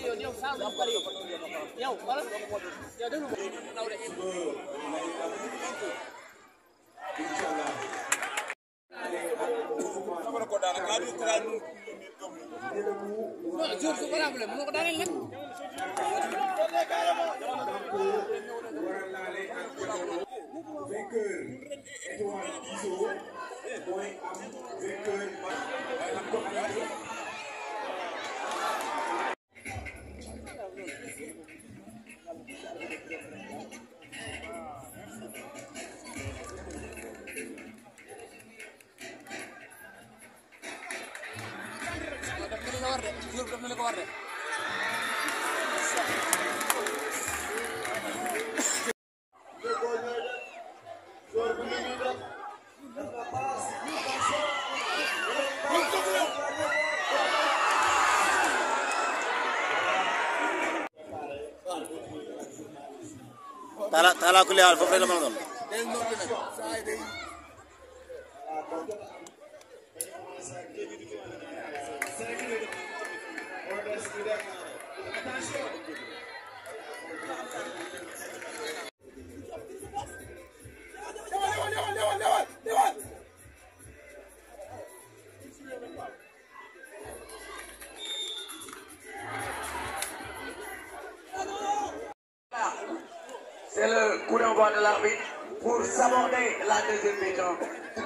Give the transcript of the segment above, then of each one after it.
Vainqueur, Edouard Guizot, point à corre. Tala tala kuliah, apa film mana? l'arbitre pour s'aborder la deuxième mi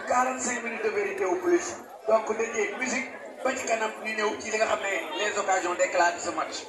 45 minutes de vérité au plus. Donc, dernier, musique, petit canap, nous les ramène les occasions d'éclat de ce match.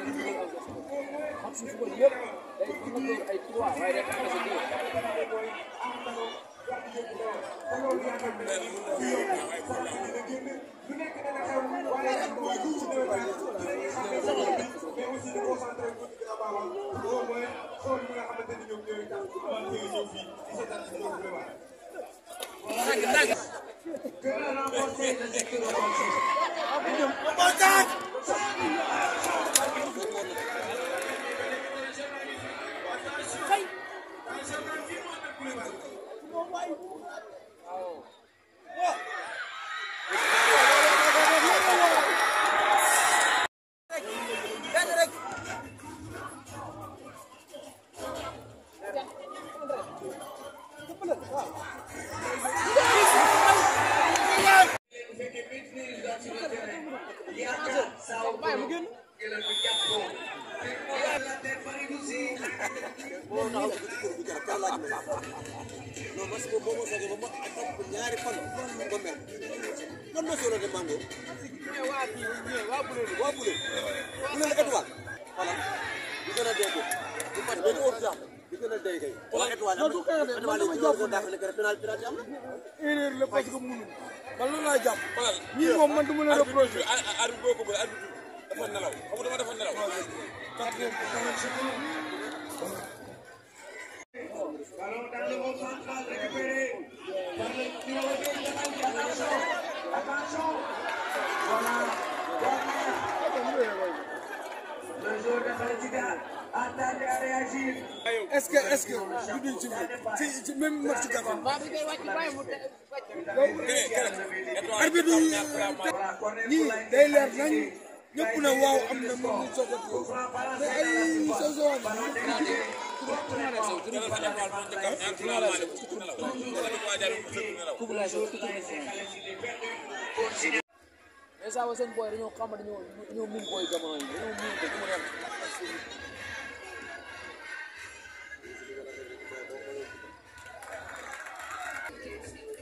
xam suñu football yëpp day mën na ay trois waaye day am ay deux Thank you. non parce que boo ma soogee ba ma attaque ñaari fan ba mel man ma soxla de mango. waa kii waa Buloolu waa Buloolu. Buloolu étoile. voilà bu gën a dee ko. bu fàtte benn autre sax bu gën a dee kay. waa étoile am na étoile yi ñëw na dafa nekk rek penalty penalty am na. erreur la parce que mënul. man loolu laa jàpp. ñii moom man du ma leen reproché. arbitre boo ko bëgg arbitre dafa nelaw xam nga dama dafa nelaw. ballon dans le monde central récupéré par le numéro 2 attention attention voilà le joueur de Khalidia a tardé à réagir est-ce que est-ce que du duñ ci ci ci même match Gabon arbitre ñii day leer nañ ñëpp na waaw am na mu ngi soog a tuur mais ay sow sow am na mais saa wa seen booy dañoo xam dañoo dañoo mën booy jamono yi dañoo mën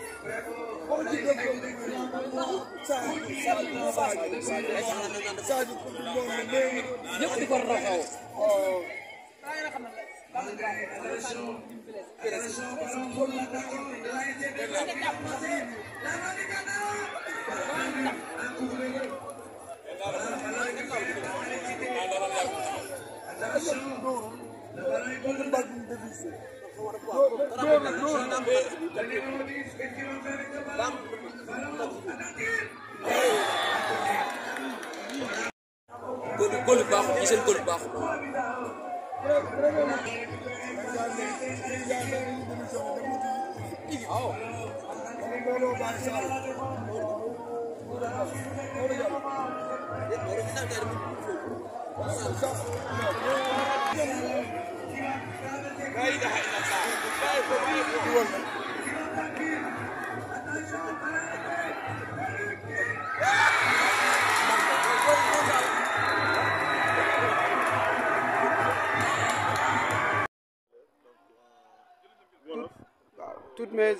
ñëpp di ko raxaw. Thank you. لا اله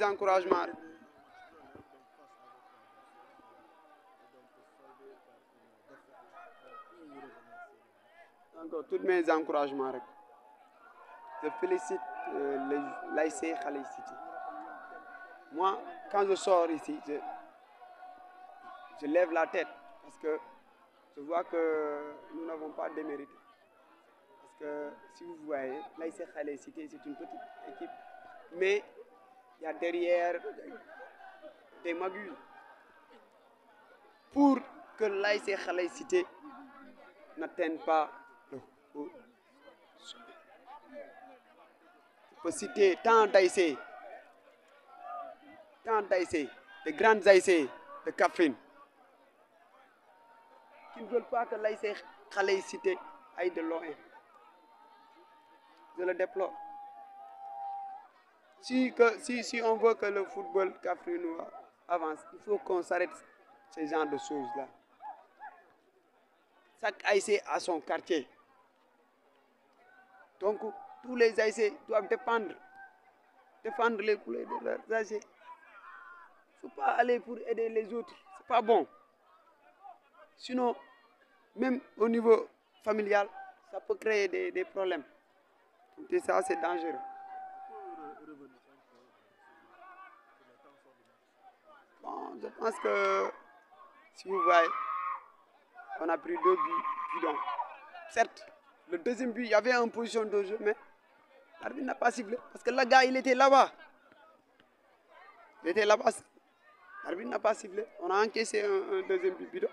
encouragements tous mes encouragements je félicite euh, les moi quand je sors ici je, lève la tête parce que je vois que nous n'avons pas démérité. Parce que si vous voyez, l'AIC c'est une petite équipe. Mais il y a derrière des magus Pour que l'Aïsé Khalei Cité n'atteigne pas le citer tant d'Aïsé, tant d'aïsé de grandes aïsé de Catherine, qui ne veulent pas que l'Aïsé Khalei Cité aille de l'eau. Je le déplore. Si, on veut que le football caprinois avance, il faut qu'on s'arrête ce genre de choses-là. Chaque haïtien a son quartier. Donc, tous les Aïsés doivent dépendre défendre les couleurs de leurs Aïsés. Il ne faut pas aller pour aider les autres. Ce n'est pas bon. Sinon, même au niveau familial, ça peut créer des, des problèmes. Et ça, c'est dangereux. je pense que si vous voyez, on a pris deux buts donc, Certes, le deuxième but, il y avait une position de jeu, mais l'arbitre n'a pas ciblé. Parce que le gars, il était là-bas. Il était là-bas. L'arbitre n'a pas ciblé. On a encaissé un, deuxième but bidon.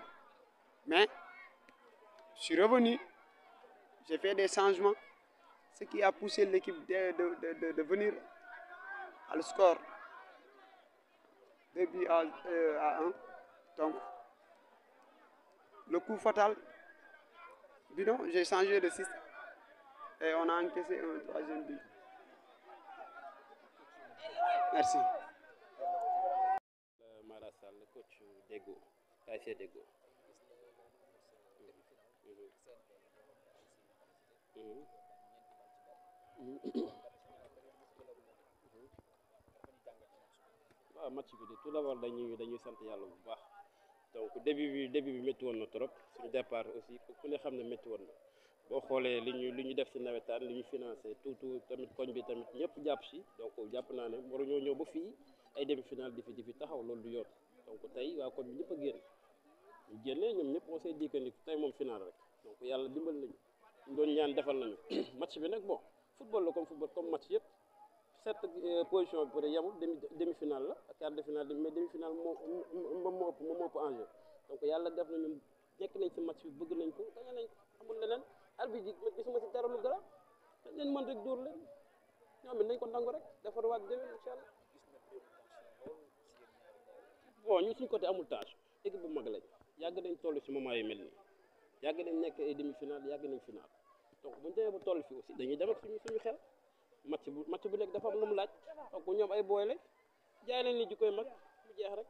Mais je suis revenu. J'ai fait des changements. Ce qui a poussé l'équipe de, de venir à le score. Et puis à, 1. Euh, donc, le coup fatal. Bidon, j'ai changé de système. et on a encaissé un troisième but. Merci. Marassal, coach d'Ego, d'Ego. Mm. Mm. Mm. Ah, match bi de tout d'abord dañuy dañuy sant yàlla bu baax donc début bi début bi métti woon na trop suñu départ aussi ku ne xam ne métti woon na boo xoolee li ñu li ñu def ci nawetaan li ñu financé tout tout tamit koñ bi tamit ñëpp jàpp si donc jàpp naa ne waruñoo ñëw ba fii ay demi final di fi di fi taxaw loolu du yoon donc tey waa koñ bi ñëpp a génn ñu génnee ñoom ñëpp on s'est dit que tey moom final rek donc yàlla dimbal nañu ñu doon ñaan defal nañu match bi nag bon football la comme football comme match yëpp. certes euh, position bi peut être yamul demi demi finale la quart de finale mais demi finale moo moom moo ëpp moom moo ëpp enjeu donc yàlla def na ñun nekk nañ ci match bi bëgg nañ ko gañe nañ ko amul leneen arbitre bi gisuma si dara lu dara dañ leen mën rek dóor leen ñoom it nañ ko nangu rek dafa waat déwén incha allah bon ñun suñu côté amul tâche équipe bu mag lañ yàgg nañ toll si moment yu mel nii yàgg nañ nekk ay demi finale yàgg nañ finale donc buñ demee ba toll fi aussi dañuy dem ak suñu suñu xel match bu match bu nekk dafa am mu laaj donc ñoom ay boole jaay leen ni jikkoy mag mu jeex rek.